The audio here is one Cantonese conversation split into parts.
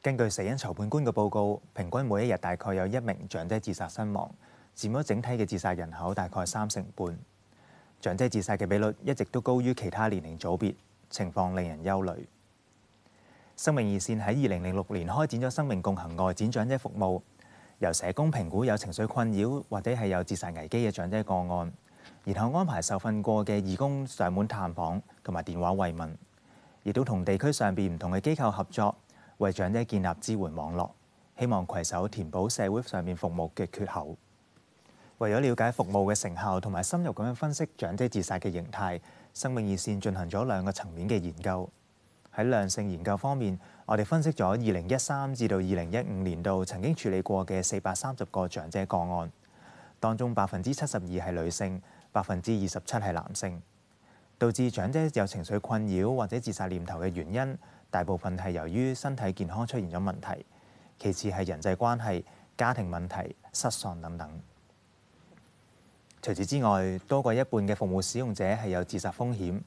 根據死因裁判官嘅報告，平均每一日大概有一名長者自殺身亡，佔咗整體嘅自殺人口大概三成半。長者自殺嘅比率一直都高於其他年齡組別，情況令人憂慮。生命熱線喺二零零六年開展咗“生命共行”外展長者服務。由社工評估有情緒困擾或者係有自殺危機嘅長者個案，然後安排受訓過嘅義工上門探訪同埋電話慰問，亦都同地區上面唔同嘅機構合作，為長者建立支援網絡，希望攜手填補社會上面服務嘅缺口。為咗了，了解服務嘅成效同埋深入咁樣分析長者自殺嘅形態，生命熱線進行咗兩個層面嘅研究。喺量性研究方面，我哋分析咗二零一三至到二零一五年度曾經處理過嘅四百三十個長者個案，當中百分之七十二係女性，百分之二十七係男性。導致長者有情緒困擾或者自殺念頭嘅原因，大部分係由於身體健康出現咗問題，其次係人際關係、家庭問題、失喪等等。除此之外，多過一半嘅服務使用者係有自殺風險。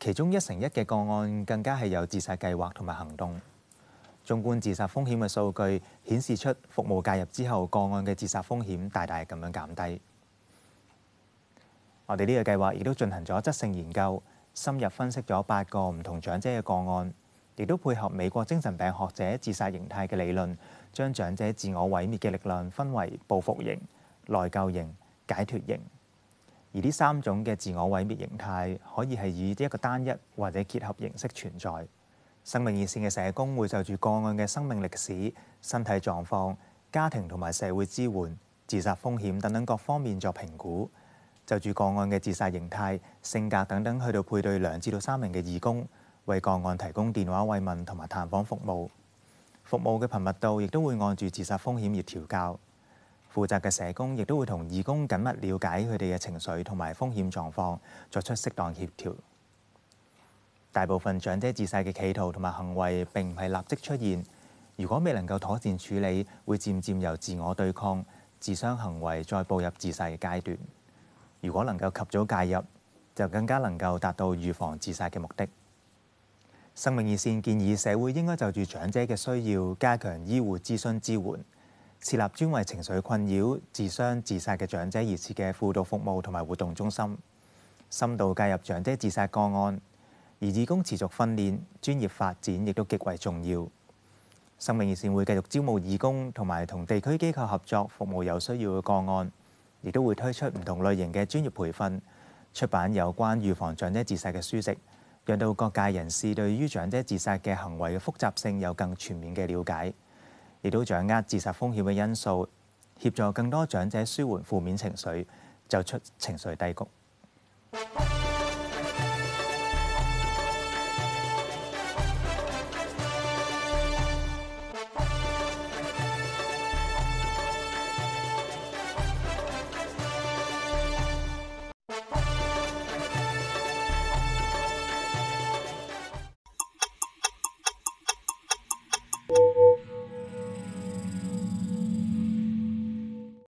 其中一成一嘅個案更加係有自殺計劃同埋行動。縱觀自殺風險嘅數據顯示出服務介入之後，個案嘅自殺風險大大咁樣減低。我哋呢個計劃亦都進行咗質性研究，深入分析咗八個唔同長者嘅個案，亦都配合美國精神病學者自殺形態嘅理論，將長者自我毀滅嘅力量分為報復型、內疚型、解脱型。而呢三種嘅自我毀滅形態可以係以一個單一或者結合形式存在。生命熱線嘅社工會就住個案嘅生命歷史、身體狀況、家庭同埋社會支援、自殺風險等等各方面作評估，就住個案嘅自殺形態、性格等等，去到配對兩至到三名嘅義工為個案提供電話慰問同埋探訪服務。服務嘅頻密度亦都會按住自殺風險而調校。負責嘅社工亦都會同義工緊密了解佢哋嘅情緒同埋風險狀況，作出適當協調。大部分長者自殺嘅企圖同埋行為並唔係立即出現，如果未能夠妥善處理，會漸漸由自我對抗、自傷行為再步入自殺嘅階段。如果能夠及早介入，就更加能夠達到預防自殺嘅目的。生命熱線建議社會應該就住長者嘅需要加強醫護諮詢支援。設立專為情緒困擾、自傷、自殺嘅長者而設嘅輔導服務同埋活動中心，深度介入長者自殺個案，而義工持續訓練、專業發展亦都極為重要。生命熱線會繼續招募義工，同埋同地區機構合作服務有需要嘅個案，亦都會推出唔同類型嘅專業培訓，出版有關預防長者自殺嘅書籍，讓到各界人士對於長者自殺嘅行為嘅複雜性有更全面嘅了解。亦都掌握自殺風險嘅因素，協助更多長者舒緩負面情緒，走出情緒低谷。